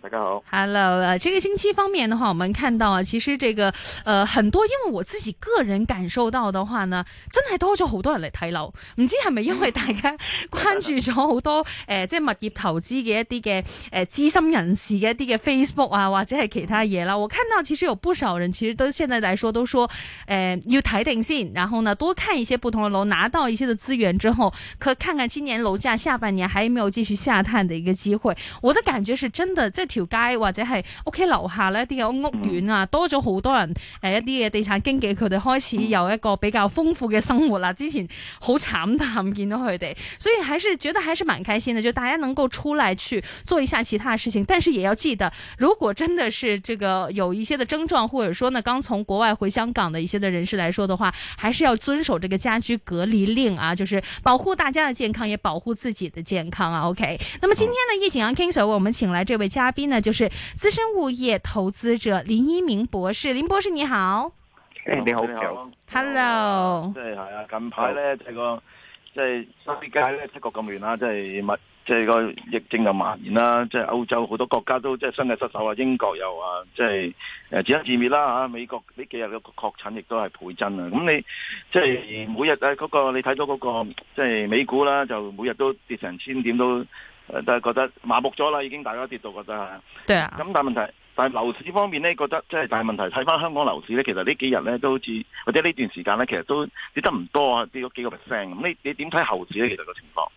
大家好。Hello，啊、呃，這個星期方面的話，我們看到啊，其實這個，呃，很多，因為我自己個人感受到的話呢，真係多咗好多人嚟睇樓。唔知係咪因為大家關注咗好多，誒、 呃，即係物業投資嘅一啲嘅，誒、這個，資、呃、深人士嘅一啲、這、嘅、個、Facebook 啊，或者係其他嘢啦。我看到其實有不少人，其實都現在來說，都說，誒、呃，要睇定先，然後呢，多看一些不同的樓，拿到一些嘅資源之後，可看看今年樓價下，下半年還有沒有繼續下探的一個機會。我的感覺是。是真的，這條街或者係屋企樓下呢，一啲有屋苑啊，多咗好多人誒，一啲嘅地產經紀佢哋開始有一個比較豐富嘅生活啦。之前好慘淡見到佢哋，所以還是覺得還是蠻開心的，就大家能夠出來去做一下其他事情。但是也要記得，如果真的是這個有一些的症狀，或者說呢，剛從國外回香港的一些的人士來說的話，還是要遵守這個家居隔離令啊，就是保護大家的健康，也保護自己的健康啊。OK，那麼今天呢葉景揚聽手，我們請。來，這位嘉賓呢，就是資深物業投資者林一鳴博士。林博士你好，你好，Hello 即係係啊，Hello 近排咧、就是就是就是，即係世界咧，出國咁遠啦，即係物，即係個疫症又蔓延啦，即係歐洲好多國家都即係新嘅失守啊，英國又啊，即係誒自生自滅啦吓、啊。美國呢幾日個確診亦都係倍增啊。咁你即係每日誒、那、嗰個，你睇到嗰、那個即係美股啦，就每日都跌成千點都。誒，就係覺得麻木咗啦，已經大家跌到覺得係，咁 Yeah. 但係問題，但係樓市方面咧，覺得即係大問題。睇翻香港樓市咧，其實呢幾日咧都好似或者呢段時間咧，其實都跌得唔多啊，跌咗幾個 percent。咁你你點睇後市咧？其實個情況？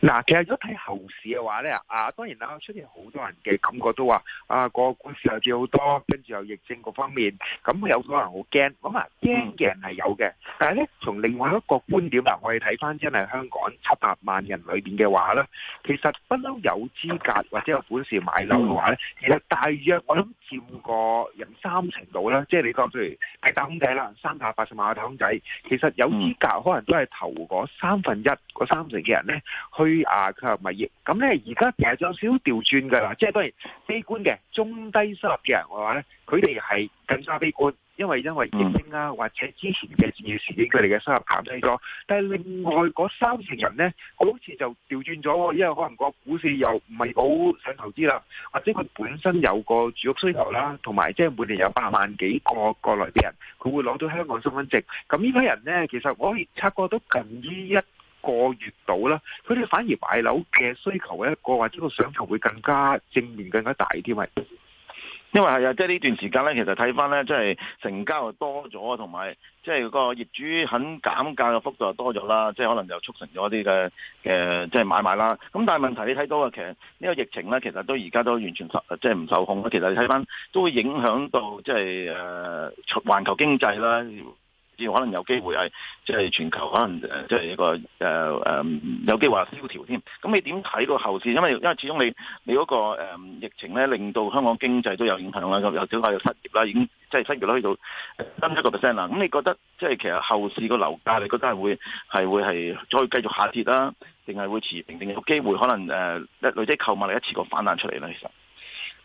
嗱，其實如果睇後市嘅話咧，啊當然啦，出現好多人嘅感覺都話，啊個股市又跌好多，跟住又疫症嗰方面，咁有可能好驚。咁啊驚嘅人係有嘅，但係咧從另外一個觀點啦，我哋睇翻真係香港七百萬人裏邊嘅話咧，其實不嬲有資格或者有本事買樓嘅話咧，其實大約我諗佔個人三成度啦，即係你講譬如大空仔啦，三百八十萬個大空仔，其實有資格可能都係投嗰三分一、嗰三成嘅人咧。虛壓佢話咪係熱。咁咧而家其實有少少調轉噶啦，即係當然悲觀嘅中低收入嘅人嘅話咧，佢哋係更加悲觀，因為因為疫情啦、啊，或者之前嘅事件佢哋嘅收入減低咗。但係另外嗰三成人咧，好似就調轉咗，因為可能個股市又唔係好想投資啦，或者佢本身有個住屋需求啦，同埋即係每年有八萬幾個過來嘅人，佢會攞到香港身份證。咁呢批人咧，其實我可以察覺到近於一。個月度啦，佢哋反而買樓嘅需求一個或者個上求會更加正面，更加大啲。啊，因為係啊，即係呢段時間咧，其實睇翻咧，即係成交又多咗，同埋即係個業主肯減價嘅幅度又多咗啦，即係可能又促成咗啲嘅嘅即係買賣啦。咁但係問題你睇到啊，其實呢個疫情咧，其實都而家都完全受即係唔受控。其實你睇翻都會影響到即係誒全球經濟啦。可能有機會係即係全球可能誒，即係一個誒誒、呃呃、有機會話蕭條添。咁你點睇個後市？因為因為始終你你嗰、那個、呃、疫情咧，令到香港經濟都有影響啦，咁又少又失業啦，已經即係失業率去到三一個 percent 啦。咁你覺得即係其實後市個樓價，你覺得係會係會係再繼續下跌啦，定係會持平，定有機會可能誒累積啲購買力一次過反彈出嚟咧？其實？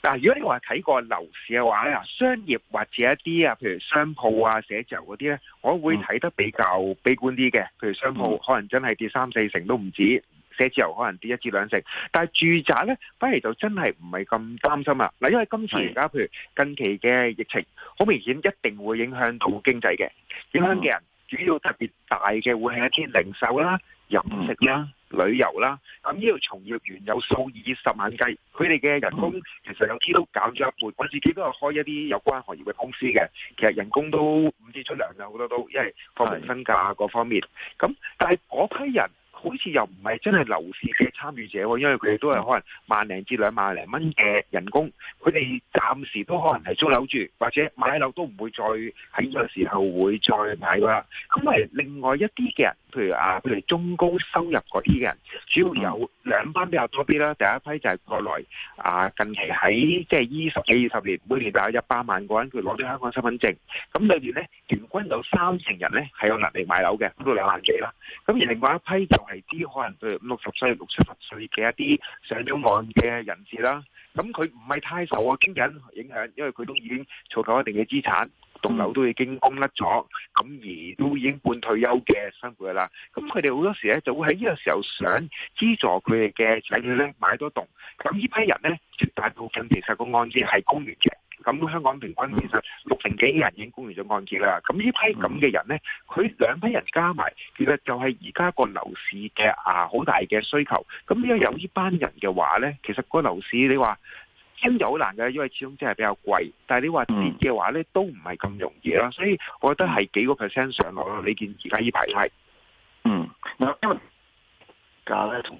但係，如果你話睇過樓市嘅話咧，嗱，商業或者一啲啊，譬如商鋪啊、寫字樓嗰啲咧，我會睇得比較悲觀啲嘅。譬如商鋪可能真係跌三四成都唔止，寫字樓可能跌一至兩成。但係住宅咧，反而就真係唔係咁擔心啦。嗱，因為今次而家是譬如近期嘅疫情，好明顯一定會影響到經濟嘅，影響嘅人主要特別大嘅會係一啲零售啦、飲食啦。旅遊啦，咁呢度從業員有數以十萬計，佢哋嘅人工其實有啲都減咗一半。我自己都係開一啲有關行業嘅公司嘅，其實人工都唔知出糧啦，好多都因為房地產價啊各方面。咁但係嗰批人。好似又唔係真係樓市嘅參與者喎，因為佢哋都係可能萬零至兩萬零蚊嘅人工，佢哋暫時都可能係租樓住，或者買樓都唔會再喺呢個時候會再買啦。咁係另外一啲嘅人，譬如啊，譬如中高收入嗰啲嘅人，主要有兩班比較多啲啦。第一批就係國內啊，近期喺即係二十幾二十年，每年大概一百萬個人佢攞咗香港身份證，咁裏邊咧平均有三成人咧係有能力買樓嘅，都兩萬幾啦。咁而另外一批就。係啲可能誒五六十歲、六七十歲嘅一啲上咗岸嘅人士啦，咁佢唔係太受啊經緊影響，因為佢都已經儲夠一定嘅資產，棟樓都已經供甩咗，咁而都已經半退休嘅生活啦。咁佢哋好多時咧就會喺呢個時候想資助佢哋嘅仔女咧買多棟。咁呢批人咧絕大部分其實個按揭係供完嘅。咁香港平均其實六成幾人已經供完咗按揭啦。咁呢批咁嘅人咧，佢兩批人加埋，其實就係而家個樓市嘅啊好大嘅需求。咁因為有呢班人嘅話咧，其實個樓市你話升又好難嘅，因為始終真係比較貴。但係你話跌嘅話咧，都唔係咁容易啦。所以我覺得係幾個 percent 上落咯。你見而家呢排係嗯，因為價咧同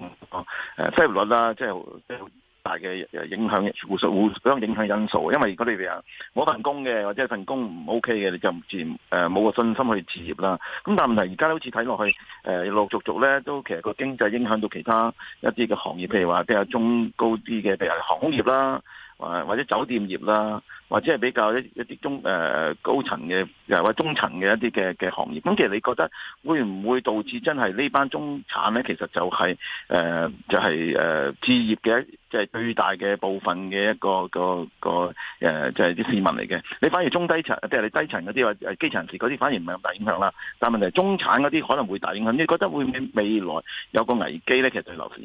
誒收益率啦，即係即係。大嘅影響因素，互相影響因素。因為如果你冇份工嘅，或者份工唔 OK 嘅，你就自然誒冇個信心去置業啦。咁但係問題而家好似睇落去誒，陸陸續續咧都其實個經濟影響到其他一啲嘅行業，譬如話比較中高啲嘅，譬如航空業啦。或者酒店業啦，或者係比較一一啲中誒、呃、高層嘅，又或者中層嘅一啲嘅嘅行業。咁其實你覺得會唔會導致真係呢班中產咧？其實就係、是、誒、呃，就係、是、誒、呃、置業嘅，即、就、係、是、最大嘅部分嘅一個一個一個誒，即係啲市民嚟嘅。你反而中低層，即係你低層嗰啲或者基層嗰啲，反而唔係咁大影響啦。但問題係中產嗰啲可能會大影響。你覺得會唔會未來有個危機咧？其實對樓市？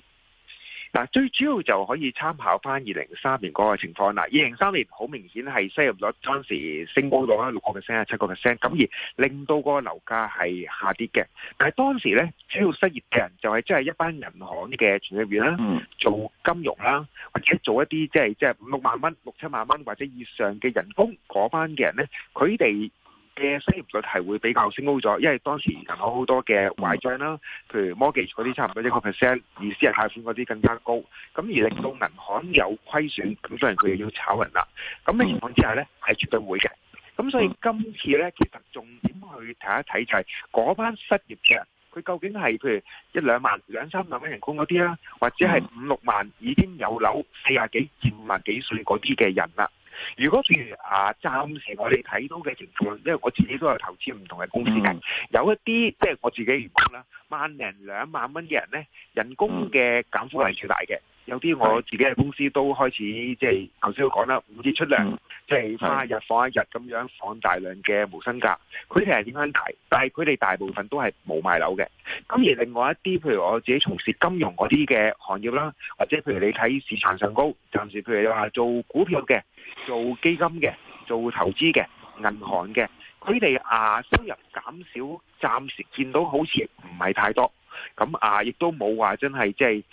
嗱，最主要就可以參考翻二零三年嗰個情況啦。二零三年好明顯係失業率當時升高咗啦，六個 percent 啊，七個 percent，咁而令到個樓價係下跌嘅。但係當時咧，主要失業嘅人就係即係一班銀行嘅存入員啦，嗯、做金融啦，或者做一啲即係即係五六萬蚊、六七萬蚊或者以上嘅人工嗰班嘅人咧，佢哋。嘅失業率係會比較升高咗，因為當時銀行好多嘅壞賬啦，譬如 mortgage 嗰啲差唔多一個 percent，而私人貸款嗰啲更加高，咁而令到銀行有虧損，咁當然佢又要炒人啦。咁嘅情況之下呢，係絕對會嘅。咁所以今次呢，其實重點去睇一睇就係嗰班失業嘅，佢究竟係譬如一兩萬、兩三萬蚊人工嗰啲啦，或者係五六萬已經有樓四十幾、五十幾歲嗰啲嘅人啦。如果譬如啊，暫時我哋睇到嘅情況，因為我自己都有投資唔同嘅公司嘅，嗯、有一啲即係我自己員工啦，萬零兩萬蚊嘅人咧，人工嘅減幅係最大嘅。有啲我自己嘅公司都開始，即係頭先都講啦，五折出糧，即係放一日放一日咁樣放大量嘅無薪假。佢哋係點樣睇？但係佢哋大部分都係冇賣樓嘅。咁而另外一啲，譬如我自己從事金融嗰啲嘅行業啦，或者譬如你睇市場上高，暫時譬如話做股票嘅、做基金嘅、做投資嘅、銀行嘅，佢哋啊收入減少，暫時見到好似唔係太多。咁啊，亦都冇話真係即係。就是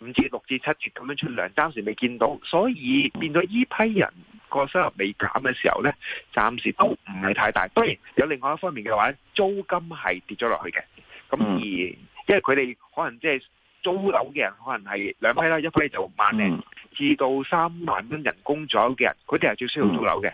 五至六至七折咁樣出糧，暫時未見到，所以變咗依批人個收入未減嘅時候咧，暫時都唔係太大。當然有另外一方面嘅話，租金係跌咗落去嘅，咁而因為佢哋可能即係。租樓嘅人可能係兩批啦，一批就萬零至到三萬蚊人工左右嘅人，佢哋係最需要租樓嘅。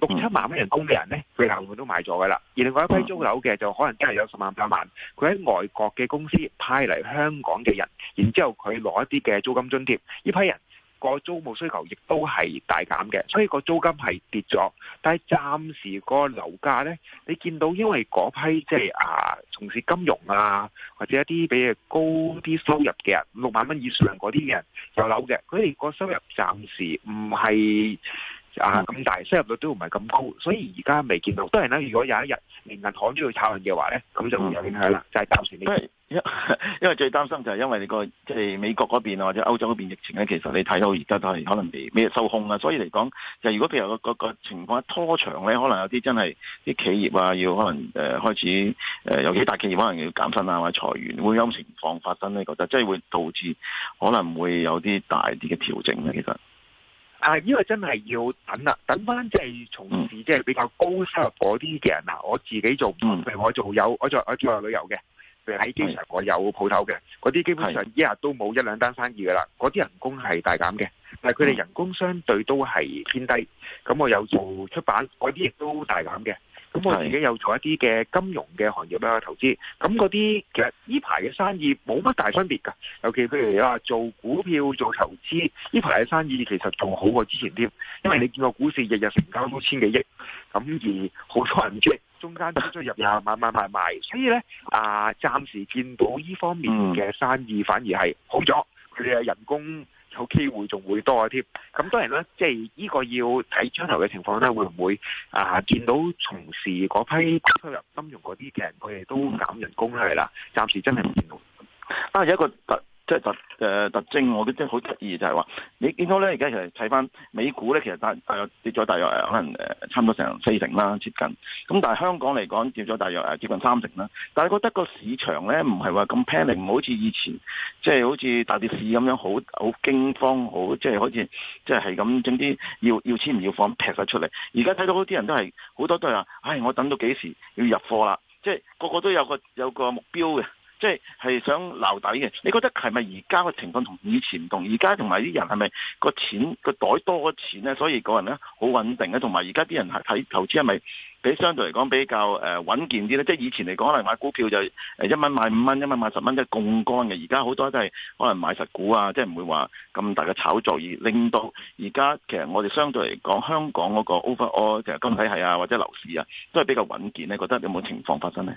六七萬蚊人工嘅人呢，佢樓盤都買咗噶啦。而另外一批租樓嘅就可能一係有十萬八萬，佢喺外國嘅公司派嚟香港嘅人，然之後佢攞一啲嘅租金津貼，呢批人。個租務需求亦都係大減嘅，所以個租金係跌咗。但係暫時個樓價呢，你見到因為嗰批即係啊，從事金融啊或者一啲比較高啲收入嘅人，六萬蚊以上嗰啲人有樓嘅，佢哋個收入暫時唔係。啊咁但係，收入率都唔係咁高，所以而家未見到。當然啦，如果有一日連銀行都要炒人嘅話咧，咁就會有影響啦。嗯、就係暫時未。因為因為最擔心就係因為你個即係美國嗰邊啊或者歐洲嗰邊疫情咧，其實你睇到而家都係可能未未受控啊。所以嚟講，就是、如果譬如個個個情況一拖長咧，可能有啲真係啲企業啊要可能誒、呃、開始誒，尤、呃、其大企業可能要減薪啊或者裁員，會有情況發生咧。覺得即係會導致可能會有啲大啲嘅調整咧、啊。其實。啊！呢個真係要等啦，等翻即係從事即係、即係、比較高收入嗰啲嘅人嗱、啊，我自己做，譬如我做有，我做我做下旅遊嘅，譬如喺機場我有鋪頭嘅，嗰啲是的 基本上是的 yeah, 一日都冇一兩單生意噶啦，嗰啲人工係大減嘅，但係佢哋人工相對都係偏低，咁我有做出版，嗰啲亦都大減嘅。咁我自己又做一啲嘅金融嘅行業啦，投資。咁嗰啲其實呢排嘅生意冇乜大分別噶。尤其譬如你話做股票做投資，呢排嘅生意其實仲好過之前添。因為你見個股市日日成交都千幾億，咁而好多人中間出出入入買買買買，所以咧啊，暫時見到呢方面嘅生意反而係好咗。佢哋係人工。有機會仲會多啲。咁當然啦，即係呢個要睇將來嘅情況咧，會唔會啊、呃、見到從事嗰批推入金融嗰啲嘅人，佢哋都減人工出嚟啦，暫時真係唔見到。但、啊、有一個即係特誒、呃、特徵，我覺得真係好得意，就係、是、話你見到咧，而家其實睇返美股咧，其實大大約跌咗大約可能誒差唔多成四成啦，接近。咁但係香港嚟講，跌咗大約誒、啊、接近三成啦。但係覺得個市場咧，唔係話咁平靜，唔好似以前即係、就是、好似大跌市咁樣好好驚慌，好即係、就是、好似即係係咁整啲要要錢唔要放劈咗出嚟。而家睇到啲人都係好多都係話，唉、哎，我等到幾時要入貨啦？即、就、係、是、個個都有個有個目標嘅。即係想留底嘅，你覺得係咪而家嘅情況同以前唔同？而家同埋啲人係咪個錢個袋多咗錢咧？所以個人咧好穩定嘅，同埋而家啲人係睇投資係咪比相對嚟講比較誒穩健啲咧？即係以前嚟講可能買股票就一蚊買五蚊，一蚊買十蚊，即係槓杆嘅。而家好多都係可能買實股啊，即係唔會話咁大嘅炒作，而令到而家其實我哋相對嚟講香港嗰個 overall 其實金體系啊或者樓市啊都係比較穩健咧。你覺得有冇情況發生咧？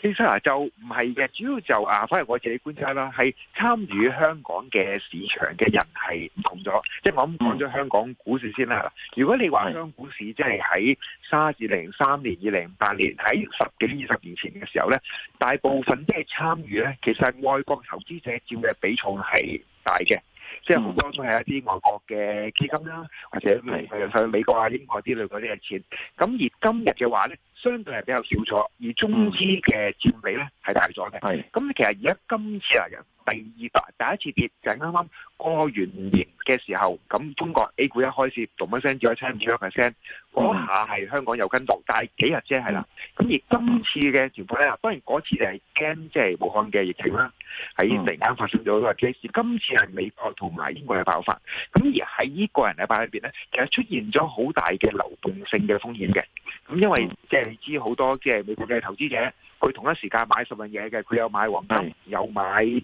其實就唔係嘅，主要就啊，翻嚟我自己觀察啦，係參與香港嘅市場嘅人係唔同咗。即係我咁講咗香港股市先啦。如果你話香港股市即係喺沙士零三年、二零八年，喺十幾二十年前嘅時候咧，大部分即係參與咧，其實外國投資者佔嘅比重係大嘅。即係當中係一啲外國嘅基金啦，或者係去美國啊、的英國之類嗰啲嘅錢。咁而今日嘅話咧，相對係比較少咗，而中資嘅佔比咧係大咗嘅。咁的其實而家今次嚟嘅。第二第第一次跌就係啱啱過完年嘅時候，咁中國 A 股一開始動乜聲，只可以聽唔出乜聲，嗰下係香港有跟度，但係幾日啫係啦。咁而今次嘅情況咧，當然嗰次就係驚，即係武漢嘅疫情啦，喺突然間發生咗。但、嗯、今次係美國同埋英國嘅爆發。咁而喺呢個人禮拜裏邊咧，其實出現咗好大嘅流動性嘅風險嘅。咁因為即係你知好多即係美國嘅投資者，佢同一時間買十樣嘢嘅，佢有買黃金，有買。有買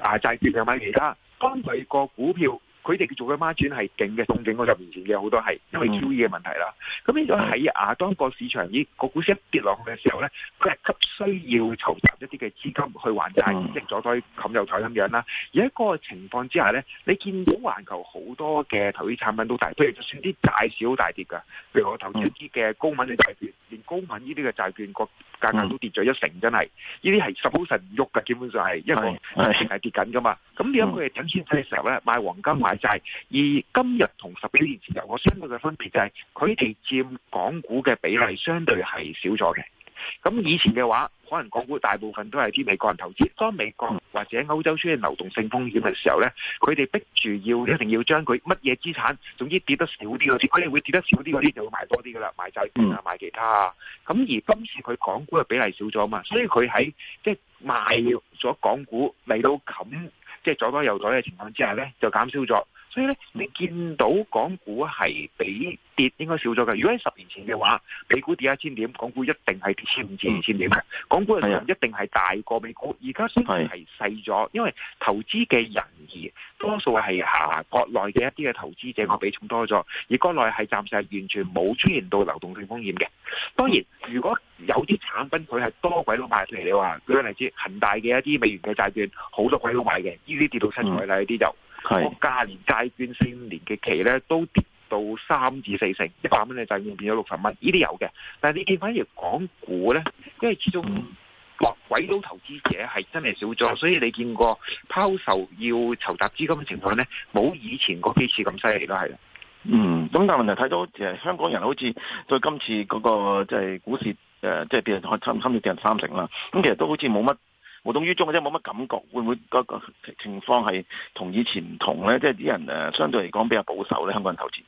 啊，債券又買其他，當佢個股票，佢哋做嘅孖展係勁嘅，仲勁過十年前嘅好多係，因為 QE 嘅問題啦。咁變咗喺啊，當個市場依個股息跌落去嘅時候咧，佢係急需要籌。一啲嘅資金去還債，積咗堆冚右台咁樣啦。而一個情況之下咧，你見到環球好多嘅投資產品都大跌，譬如就算啲大市都大跌嘅，譬如我投資一啲嘅高敏嘅債券，嗯、連高敏呢啲嘅債券個價格都跌咗一成，真係呢啲係十毫神喐嘅，基本上係、嗯、因為係是跌緊嘅嘛。咁你諗佢係等錢使嘅時候咧，賣黃金買債。而今日同十幾年前嘅我相對嘅分別就係、是，佢哋佔港股嘅比例相對係少咗嘅。咁以前嘅話。可能港股大部分都係啲美國人投資，當美國或者喺歐洲出現流動性風險嘅時候咧，佢哋逼住要一定要將佢乜嘢資產，總之跌得少啲嗰啲，佢哋會跌得少啲嗰啲就會賣多啲噶啦，賣債券啊，賣其他啊。咁而今次佢港股嘅比例少咗啊嘛，所以佢喺即係賣咗港股嚟到冚，即係左袋右袋嘅情況之下咧，就減少咗。所以咧，你見到港股係比跌應該少咗嘅。如果喺十年前嘅話，美股跌一千點，港股一定係跌千五至二千點嘅。港股嘅量一定係大過美股。而家雖然係細咗，因為投資嘅人而多數係下國內嘅一啲嘅投資者嘅比重多咗。而國內係暫時係完全冇出現到流動性風險嘅。當然，如果有啲產品佢係多鬼佬買嚟，你話舉個例子，恒大嘅一啲美元嘅債券好多鬼佬買嘅，呢啲跌到七彩啦，呢啲就。係，是我廿年債券四五年嘅期咧，都跌到三至四成，一百蚊嘅債券變咗六十蚊，依啲有嘅。但係你見反而港股咧，因為始終落鬼佬投資者係真係少咗，嗯、所以你見過拋售要籌集資金嘅情況咧，冇以前嗰幾次咁犀利啦，係、嗯。嗯，咁但係問題睇到，誒，香港人好似對今次嗰、那個即係、就是、股市誒，即係跌，參參與跌咗三成啦。咁其實都好似冇乜。無動於衷嘅啫，冇乜感覺，會唔會個個情況係同以前唔同咧？嗯、即係啲人誒，相對嚟講比較保守咧，香港人投資。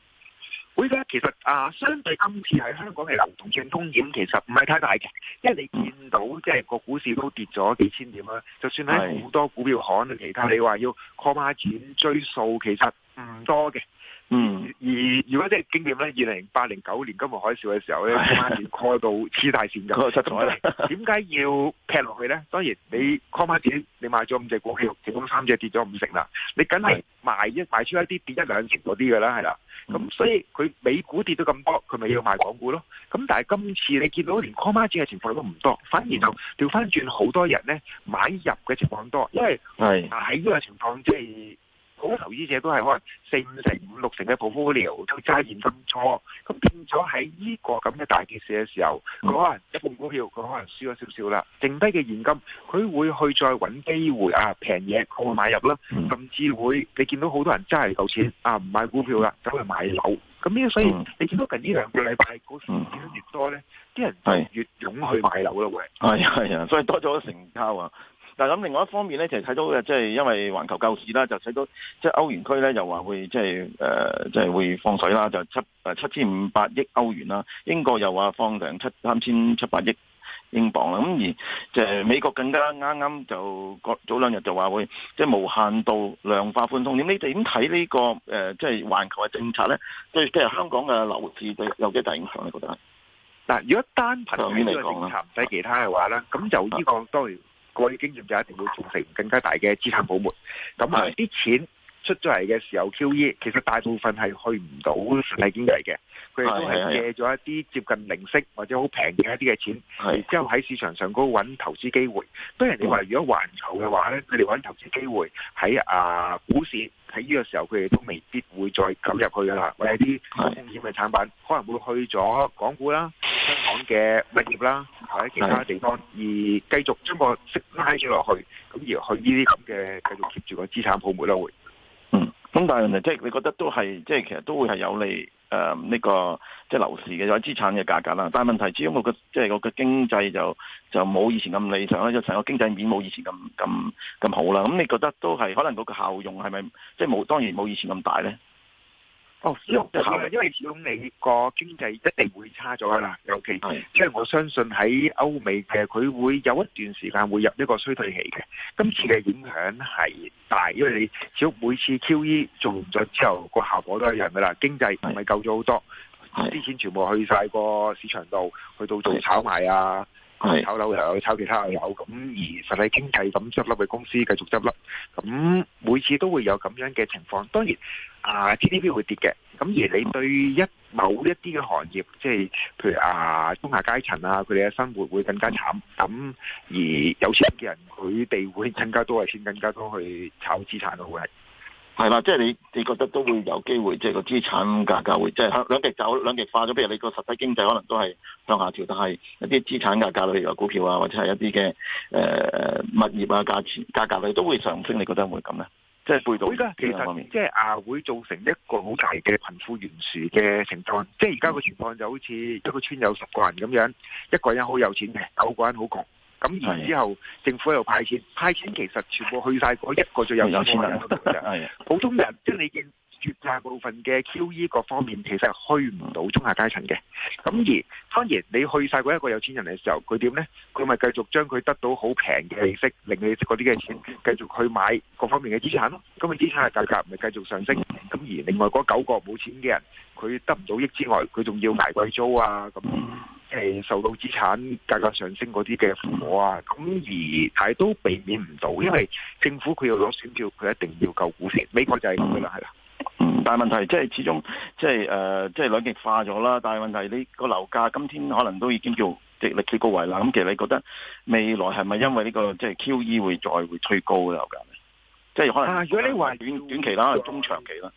會嘅，其實啊，相對今次喺香港嘅流動性風險其實唔係太大嘅，因為你見到、嗯、即係個股市都跌咗幾千點啦，就算喺好多股票行是其他你話要 call 孖展、嗯、追數，其實唔多嘅。嗯，而如果即係經驗咧，二零零八零九年金融海嘯嘅時候咧，call 孖展 call 到黐大線㗎，失咗。點 解要劈落去咧？當然你，你 call 孖展你買咗五隻股票，其中三隻跌咗五成啦，你梗係賣的一賣出一啲跌一兩成嗰啲嘅啦，係啦。咁、嗯、所以佢美股跌到咁多，佢咪要賣港股咯？咁但係今次你見到連 call 孖展嘅情況都唔多，反而就調翻轉好多人咧買入嘅情況多，因為係喺呢個情況即、就、係、是。好多投資者都係可能四五成五六成嘅 portfolio 都揸現金坐，咁變咗喺呢個咁嘅大件事嘅時候，佢可能一部分股票佢可能輸咗少少啦，剩低嘅現金佢會去再揾機會啊，平嘢佢會買入啦，嗯、甚至會你見到好多人真係有錢啊，唔買股票啦，走去買樓，咁呢、嗯、所以你見到近呢兩個禮拜股市跌得越多咧，啲、嗯嗯、人就越湧去買樓咯，會係啊係啊，所以多咗成交啊！但咁，另外一方面咧，其實睇到嘅即係因為環球救市啦，就睇到即係歐元區咧又話會、就是，即係誒，即、就、係、是、會放水啦，就七誒、呃、七千五百億歐元啦，英國又話放兩七三千七百億英鎊啦，咁而即係美國更加啱啱就早兩日就話會即係無限度量化寬鬆。點你點睇呢個誒，即係環球嘅政策咧？對即係、就是、香港嘅樓市對，有幾大影響，你覺得？嗱，如果單憑呢個政策唔使其他嘅話咧，咁就、啊。呢個當嗰啲經驗就一定要造成更加大嘅資產泡沫，咁啊啲錢出咗嚟嘅時候 QE，其實大部分係去唔到實體經濟嚟嘅，佢哋都係借咗一啲接近零息或者好平嘅一啲嘅錢，然是之後喺市場上高揾投資機會。當然你話如果環球嘅話咧，佢哋揾投資機會喺啊股市，喺呢個時候佢哋都未必會再撳入去噶啦，或者啲高風險嘅產品是可能會去咗港股啦。嘅物業啦，或者其他地方，而繼續將個息拉咗落去，咁而去呢啲咁嘅繼續 keep 住個資產泡沫咯，會。嗯，咁但係即係你覺得都係即係其實都會係有利誒呢、嗯這個即係樓市嘅或者資產嘅價格啦。但係問題只係我個即係我個經濟就就冇以前咁理想啦，即係個經濟面冇以前咁咁咁好啦。咁你覺得都係可能嗰個效用係咪即係冇當然冇以前咁大咧？哦、oh，因為始終你個經濟一定會差咗噶啦，尤其即係我相信喺歐美嘅，佢會有一段時間會入呢個衰退期嘅。今次嘅影響係大，因為你始終每次 QE 做完咗之後，個效果都一樣噶啦，經濟唔係夠咗好多啲錢，全部去晒個市場度，去到做炒賣啊。係炒樓又有，炒其他又有，咁而實體經濟咁執笠嘅公司繼續執笠，咁每次都會有咁樣嘅情況。當然，啊 T D P 會跌嘅，咁而你對一某一啲嘅行業，即係譬如啊中下階層啊，佢哋嘅生活會更加慘。咁而有錢嘅人，佢哋會更加多啲先更加多去炒資產咯，會 係樂。 係啦，即係你你覺得都會有機會，即係個資產價格會即係兩極走、兩極化咗。譬如你個實體經濟可能都係向下調，但係一啲資產價格裏譬如話股票啊，或者係一啲嘅誒物業啊，價錢價格咧都會上升。你覺得會唔會咁咧？即係背道而馳嘅方面，即係啊，會造成一個好大嘅貧富懸殊嘅、嗯、情況。即係而家個情況就好似一個村有十個人咁樣，一個人好有錢嘅，九個人好窮。咁然之後，政府又派錢，派錢其實全部去晒嗰一個最有錢人嗰 普通人即係你嘅絕大部分嘅 QE 各方面其實係去唔到中下階層嘅。咁而當然，你去晒嗰一個有錢人嘅時候，佢點咧？佢咪繼續將佢得到好平嘅利息，令你嗰啲嘅錢繼續去買各方面嘅資產咯。咁佢資產嘅價格咪繼續上升。咁 而另外嗰九個冇錢嘅人，佢得唔到益之外，佢仲要捱貴租啊咁。係受到資產價格上升嗰啲嘅負荷啊，咁而係都避免唔到，因為政府佢要攞選票，佢一定要救股市。美國就係咁樣啦，係啦、嗯。但係問題即係始終即係誒，即、就、係、是呃就是、兩極化咗啦。但係問題你個樓價今天可能都已經叫即係歷史高位啦。咁其實你覺得未來係咪因為呢、這個即係、就是、QE 會再會推高嘅樓價呢？即、就、係、是、可能、啊、如果你話短要短期啦，中長期啦，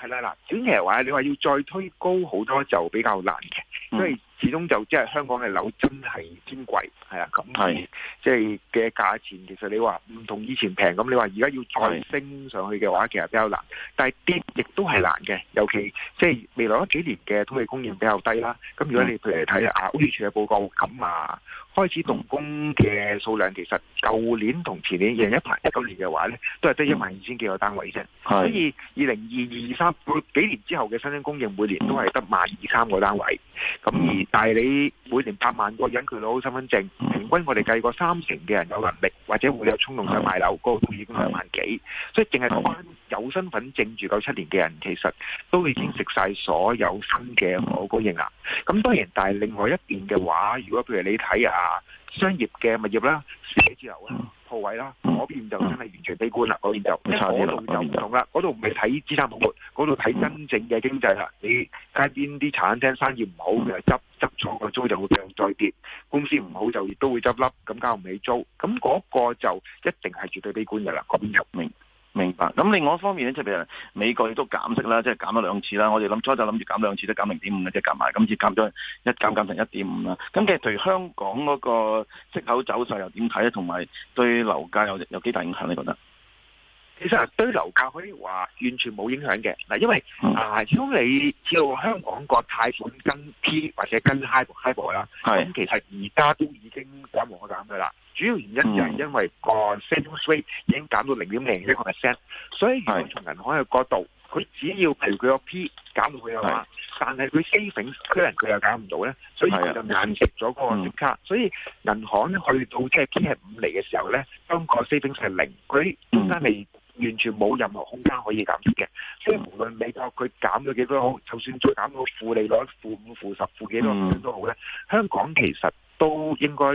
係啦嗱，短期嚟話你話要再推高好多就比較難嘅，因為、嗯始終就即係香港嘅樓真係偏貴，係啊，咁的即係嘅價錢，其實你話唔同以前平咁，你話而家要再升上去嘅話，其實比較難。但係跌亦都係難嘅，尤其即係未來嗰幾年嘅通脹供應比較低啦。咁如果你譬如睇下啊屋宇署嘅報告咁啊，開始動工嘅數量，其實舊年同前年二零一八、一九年嘅話咧，都係得一萬二千幾個單位啫。的所以二零二二三幾年之後嘅新增供應，每年都係得萬二三個單位咁而。但係你每年八萬個人，佢攞身份證，平均我哋計過三成嘅人有能力或者會有衝動想買樓，嗰個都已經兩萬幾，即係淨係講有身份證住夠七年嘅人，其實都已經食晒所有新嘅嗰個認額。咁當然，但係另外一邊嘅話，如果譬如你睇啊，商業嘅物業啦，寫字樓啊，鋪位啦，嗰邊就真係完全悲觀啦，嗰邊就呢度就唔同啦，嗰度唔係睇資產泡沫，嗰度睇真正嘅經濟啦。你街邊啲茶餐廳生意唔好，佢又執執咗個租就會再跌，公司唔好就都會執笠，咁交唔起租，咁嗰個就一定係絕對悲觀嘅啦，嗰邊入面。明白，咁另外一方面咧，即係譬如美國亦都減息啦，即係減咗兩次啦。我哋諗初就諗住減兩次都減零點五嘅，即係夾埋，今次減咗一減減成一點五啦。咁其實對香港嗰個息口走勢又點睇咧？同埋對樓價有有幾大影響你覺得？其實堆樓價可以話完全冇影響嘅嗱，因為啊，如果你叫香港個貸款跟 P 或者跟 high high 啦，咁其實而家都已經減無可減噶啦。主要原因就係因為個 saving rate 已經減到零點零一個 percent，所以如果從銀行嘅角度，佢只要譬如佢個 P 減到去嘅話，但係佢 saving 雖然佢又減唔到咧，所以佢就硬食咗個息差。所以銀行咧去到即係 P 係五厘嘅時候咧，當個 saving rate 係零，佢中間係。完全冇任何空間可以減息嘅，所以無論美國佢減咗幾多，好，就算再減到負利率、負五、負十、負幾多都好咧，嗯、香港其實都應該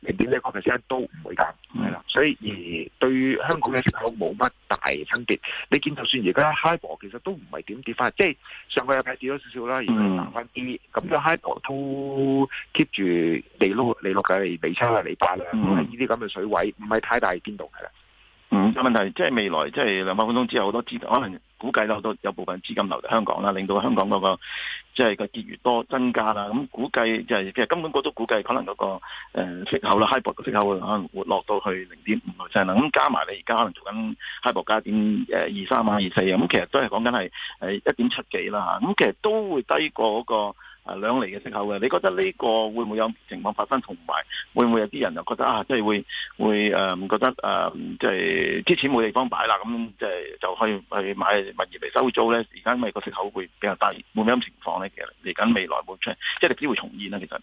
零點幾個 percent 都唔會減，係啦、嗯。所以而對於香港嘅出口冇乜大分別。你見就算而家 HIBOR 其實都唔係點跌翻，即、就、係、是、上個禮拜跌咗少少啦，而家彈翻啲。咁嘅 HIBOR 都 keep 住利落利落嘅尾聲嘅嚟擺啦，呢啲咁嘅水位唔係太大變動㗎啦。個問題即係未來，即係兩百分鐘之後，好多資可能估計咧，好多有部分資金流入香港啦，令到香港嗰個即係個結餘多增加啦。咁估計即係其實根本我都估計，可能嗰個、呃、息口啦，HIBOR 嘅息口可能會落到去零點五 percent 啦。咁加埋你而家可能做緊 HIBOR 加點二三萬、二四嘅，咁其實都係講緊係誒一點七幾啦。咁其實都會低過嗰個。啊，兩厘嘅息口嘅，你覺得呢個會唔會有情況發生？同埋會唔會有啲人又覺得啊，即、就、係、是、會會誒、呃，覺得誒，即係啲錢冇地方擺啦，咁即係就去、是、去買物業嚟收租咧？而家咪個息口會比較低，冇咩咁情況咧？其實嚟緊未來冇出，即係你只會重現呢個情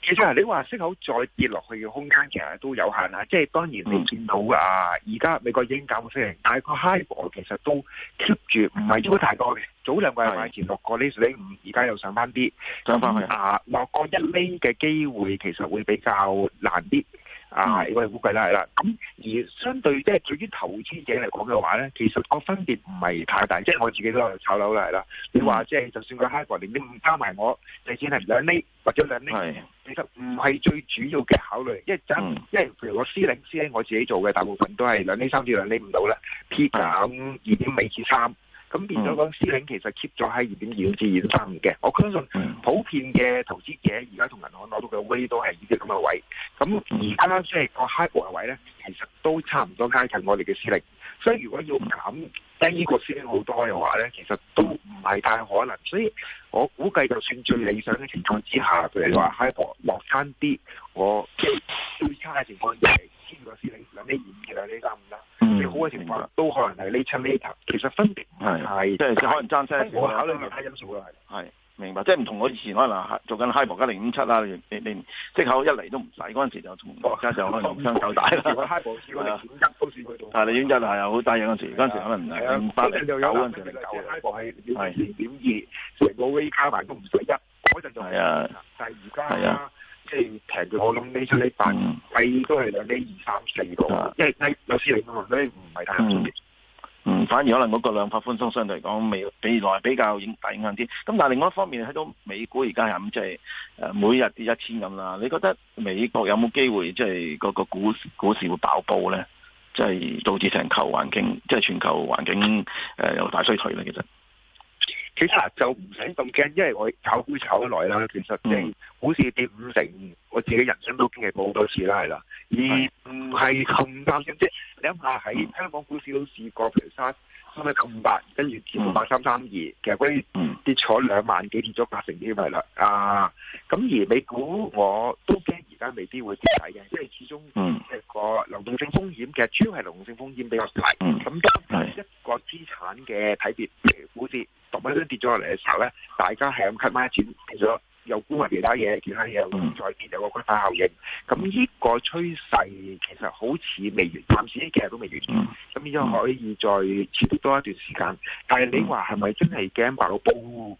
其實你話息口再跌落去嘅空間其實都有限啦，即係當然你見到、嗯、啊，而家美國已經減息啦，但係個 high 博其實都 keep 住唔係超大個嘅，嗯、早兩個禮拜前落過呢呢五，而家又上翻啲，上翻去啊，落過一厘嘅機會其實會比較難啲。啊，我哋估計啦，係啦。咁而相對即係、就是、對於投資者嚟講嘅話咧，其實個分別唔係太大。即、就、係、是、我自己都有炒樓啦，係啦。你話即係就算個 HIBOR 你唔加埋我，你算係兩厘或者兩厘，的其實唔係最主要嘅考慮。因為、嗯、因為譬如我私領私咧，我自己做嘅大部分都係兩厘三至兩厘唔到啦，P 咁二、嗯、點五至三。咁、嗯、變咗講，司令其實 keep 咗喺二點二至二點三嘅，我相信、嗯、普遍嘅投資者而家同銀行攞到嘅位都係依啲咁嘅位。咁而家即係個 high point 位咧，其實都差唔多接近我哋嘅司令。所以如果要減低呢個司令好多嘅話咧，其實都唔係太可能。所以我估計就算最理想嘅情況之下，譬如話 high point 落翻啲，我最差嘅情況。千個司理兩零二五嘅兩零三五啦，你好嘅情況都可能係呢七呢八，其實分別係係即係可能爭車，我考慮其他因素啦，係係明白，即係唔同我以前可能係做緊 HIBOR 加零五七啦，你你你即係口一嚟都唔使嗰陣時就同加上可能互相鬥大啦，係啊，係你軟質係又好低嘅嗰陣時，嗰陣時可能唔係零八零九嗰陣時零九啊，HIBOR 係零點二，成部 V 卡牌都唔使一，嗰陣仲係啊，但係而家係啊。即係平咗，我諗呢出呢百位都係有啲二三四噶，因為呢有啲銀行咧唔係太集中，嗯，反而可能嗰個量化寬鬆相對嚟講，美未來比較影大影響啲。咁但係另外一方面，喺到美股而家咁，即係誒每日跌一千咁啦。你覺得美國有冇機會即係嗰個股市股市會爆煲咧？即係導致成球環境，即係全球環境誒有大衰退咧？其實。其實就唔使咁驚，因為我炒股炒咗耐啦。其實，正股市跌五成，我自己人生都經歷過好多次啦，係啦，而唔係咁擔心。即係你諗下喺香港股市都試過，譬如三三萬咁八，跟住跌到八三三二，其實嗰啲跌咗兩萬幾，跌咗八成添，係啦。啊，咁而美股我都驚。而家未必會跌睇嘅，因為始終即係個流動性風險嘅，主要係流動性風險比較大。咁、嗯、當一個資產嘅睇跌嘅股跌，全部都跌咗落嚟嘅時候咧，大家係咁吸翻錢，其實又沽埋其他嘢，其他嘢再跌有個放大效應。咁呢個趨勢其實好似未完，暫時呢幾日都未完。咁又可以再持續多一段時間。但係你話係咪真係驚爆煲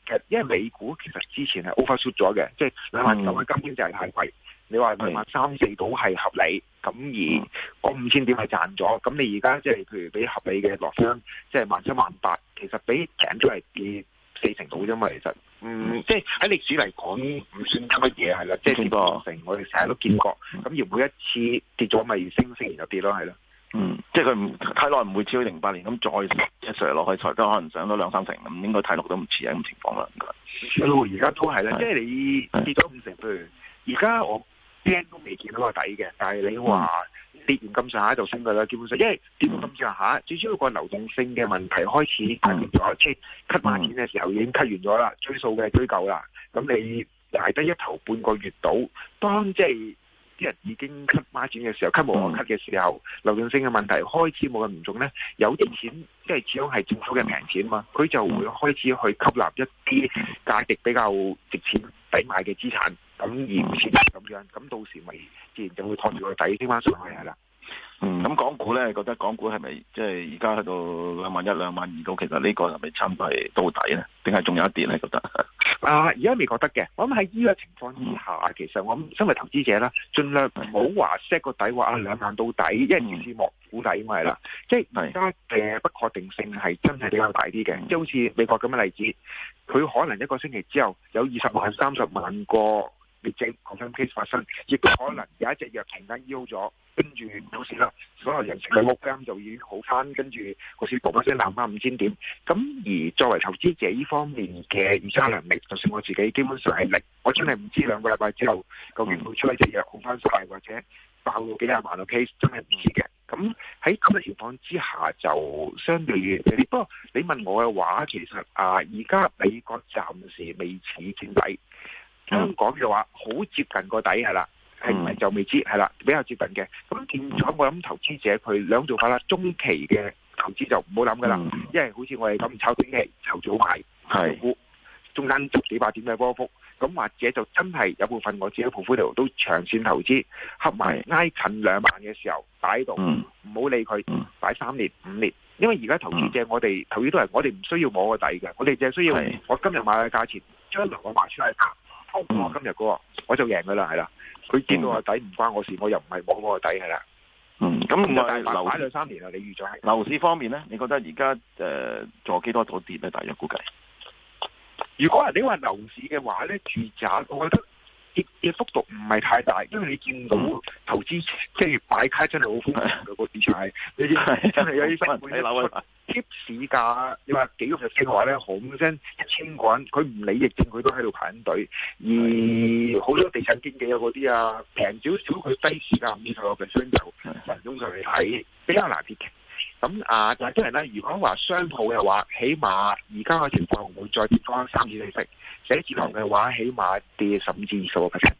嘅？因為美股其實之前係 overshoot 咗嘅，即係兩萬九，佢、嗯嗯、根本就係太貴。你話萬三四到係合理，咁而個五千點係賺咗，咁你而家即係譬如俾合理嘅落商，即係萬七萬八，其實俾頂咗係跌四成到啫嘛，其實，嗯，即係喺歷史嚟講唔算乜嘢係啦，即係跌個成，我哋成日都見過，咁而每一次跌咗咪升，升完就跌咯，係咯，嗯，即係佢睇來唔會超過零八年咁再一成落去，才都可能上到兩三成咁，應該睇落都唔似係咁情況啦，而家都係啦，即係你跌咗五成，譬如而家我。都未見到個底嘅，但係你話跌完咁上下就升噶啦。基本上，因為跌完咁上下，最主要個流動性嘅問題開始改變咗，即係吸孖錢嘅時候已經吸完咗啦，追數嘅追夠啦。咁你挨得一頭半個月到，當即係啲人已經吸孖錢嘅時候，吸無可吸嘅時候，流動性嘅問題開始冇咁嚴重咧。有啲錢即係始終係政府嘅平錢嘛，佢就會開始去吸納一啲價值比較值錢抵買嘅資產。咁延續咁樣，咁到時咪自然就會托住個底升翻上去係啦。嗯，咁港股咧，覺得港股係咪即係而家喺度兩萬一、兩萬二到，其實呢個係咪差唔多係到底咧？定係仲有一跌咧？覺得啊，而家未覺得嘅。我諗喺依個情況之下，其實我諗身為投資者啦，盡量唔好話 set 個底話啊兩萬到底，因為二是莫估底嘛係啦。即係而家嘅不確定性係真係比較大啲嘅，即係好似美國咁嘅例子，佢可能一個星期之後有二十萬、三十萬個。你正個新 case 發生，亦都 可能有一隻藥突然間醫好咗，跟住冇事啦。所有人性嘅目光就已經好翻，跟住個市爆一聲鬧翻五千點。咁而作為投資者呢方面嘅預測能力，就算我自己基本上係零。我真係唔知兩個禮拜之後個元氣出一隻藥好翻晒，或者爆到幾廿萬個 case，真係唔知嘅。咁喺咁嘅情況之下，就相對你不過你問我嘅話，其實啊，而家美國暫時未似見底。香港嘅話好接近個底係啦，係唔係就未知係啦，比較接近嘅。咁現在我諗投資者佢兩做法啦，中期嘅投資就唔好諗噶啦，嗯、因為好似我哋咁炒短期、炒早牌、係股、是中間足幾百點嘅波幅，咁或者就真係有部分我自己鋪夫頭都長線投資，合埋挨是近兩萬嘅時候擺喺度，唔好、嗯、理佢，擺三、嗯、年五年，因為而家投資者、嗯、我哋投資都係我哋唔需要摸個底嘅，我哋淨係需要我今日買嘅價錢，將來我賣出係嗯哦、今日嗰個我就贏佢啦，係啦。佢見到個底唔、嗯、關我事，我又唔係摸個底噶啦。嗯，咁唔係。是樓擺兩三年啦，你預咗。樓市方面咧，你覺得而家誒仲有幾多度跌咧？大約估計？如果係你話樓市嘅話咧，住宅我覺得。啲嘅幅度唔係太大，因為你見到投資即係擺卡真係好瘋狂，個個市場。你知真係有啲人買樓啊，貼市價你話幾億嘅話咧，好聲一千萬，佢唔理疫症，佢都喺度排緊隊。而好多地產經紀啊，嗰啲啊平少少，佢低市價五十個 percent 就中上去睇，比較難啲嘅。咁啊，有啲人咧，如果話商鋪嘅話，起碼而家嘅情況唔會再跌翻三至四成，寫字樓嘅話起碼跌十五至二十個 percent。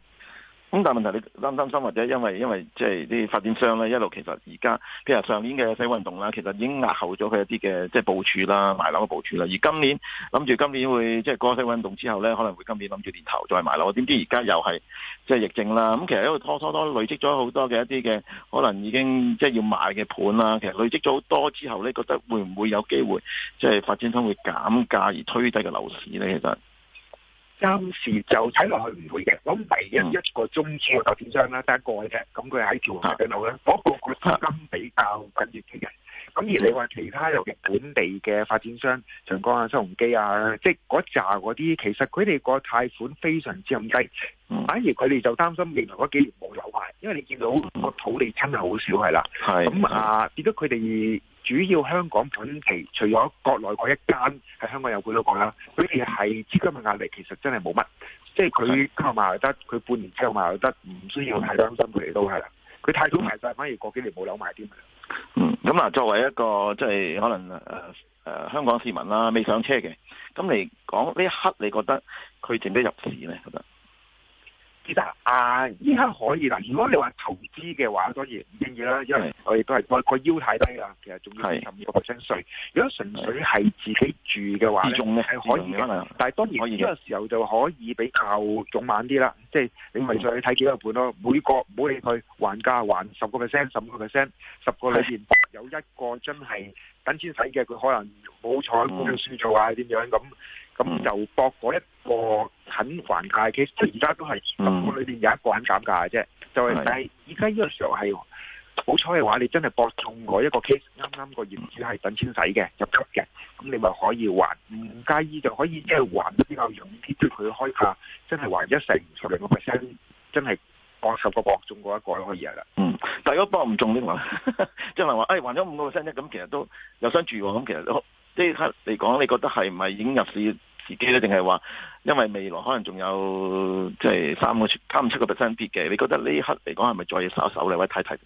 咁但係問題你擔唔擔心，或者因為因為即係啲發展商咧，一路其實而家譬如上年嘅洗運動啦，其實已經壓後咗佢一啲嘅即係部署啦、賣樓嘅部署啦。而今年諗住今年會即係、就是、過洗運動之後咧，可能會今年諗住年頭再賣樓。我點知而家又係即係疫症啦。咁、嗯、其實因為拖拖拖累積咗好多嘅一啲嘅可能已經即係、就是、要買嘅盤啦。其實累積咗好多之後咧，覺得會唔會有機會即係、就是、發展商會減價而推低嘅樓市咧？其實？暫時就睇落去唔會嘅，咁唯一一個中資嘅發展商啦，得一、嗯、個嘅，咁佢喺做發展好啦，嗰、那個資金比較緊要啲嘅。咁而你話其他有啲本地嘅發展商，嗯、長江啊、新鴻基啊，即係嗰扎嗰啲，其實佢哋個貸款非常之咁低，嗯、反而佢哋就擔心未來嗰幾年冇樓賣，因為你見到個土地真係好少係啦。係咁、嗯、的啊，變咗佢哋。主要香港短期除咗國內嗰一間喺香港有股都講啦，佢哋係資金嘅壓力其實真係冇乜，即係佢購賣得，佢半年之後賣又得，唔需要太擔心佢哋都係啦。佢太早賣晒，反而過幾年冇樓買添。嗯，咁啊，作為一個即係、就是、可能誒誒、呃呃、香港市民啦、啊，未上車嘅，咁嚟講呢一刻，你覺得佢值得入市咧？覺得？啲啦啊，依家可以啦。如果你話投資嘅話，當然唔建議啦，因為我哋都係個個腰太低啦。其實仲要十五個 percent 稅。如果純粹係自己住嘅話，仲係可以嘅。但係當然呢個時候就可以比較早晚啲啦。即係你咪再去睇幾個盤咯。每個每期還價還十個 percent、十五個 percent、十個裏面有一個真係等錢使嘅，佢可能冇彩股商輸咗啊點樣咁。咁、嗯、就博嗰一個肯還價 case，即係而家都係十個裏邊有一個肯減價嘅啫。嗯、就係但係而家呢個時候係，好彩嘅話，你真係博中嗰一個 case，啱啱個業主係等錢使嘅入級嘅，咁你咪可以還，唔介意就可以即係還得比較勇啲，即佢開價真係還一成，十零個 percent，真係博十個博中嗰一個,個,一個可以啦。嗯，但係如果博唔中咧，即係話誒還咗五個 percent 咧，咁其實都又想住喎，咁其實都即係嚟講，你覺得係咪已經入市？自己咧，定係話，因為未來可能仲有即係三個七個 percent 跌嘅，你覺得呢一刻嚟講係咪再要收手咧？或者睇定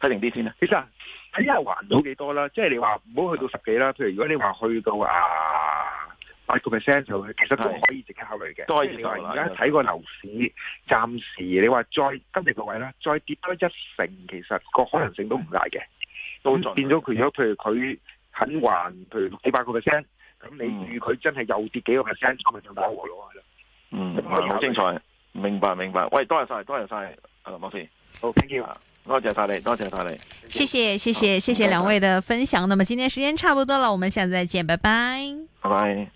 睇定啲先啊？看一看其實睇下還到幾多啦，即、就、係、是、你話唔好去到十幾啦。譬如如果你話去到啊八個 percent 就其實都可以值得考慮嘅。都係而家睇個樓市，的暫時你話再跟住個位啦，的再跌多一成，其實個可能性都唔大嘅。都、嗯、變咗佢如果譬如佢肯還，譬如六幾八個 percent。咁你預佢真係又跌幾個 percent，咁咪就打和囉係啦。嗯，好精彩，明白明白。喂，多謝晒，多謝晒。阿林博士，好，thank you。多謝晒你，多謝晒你。謝謝謝謝謝謝兩位嘅分享。那麼今天時間差不多啦，我們下次再見，拜拜。拜拜。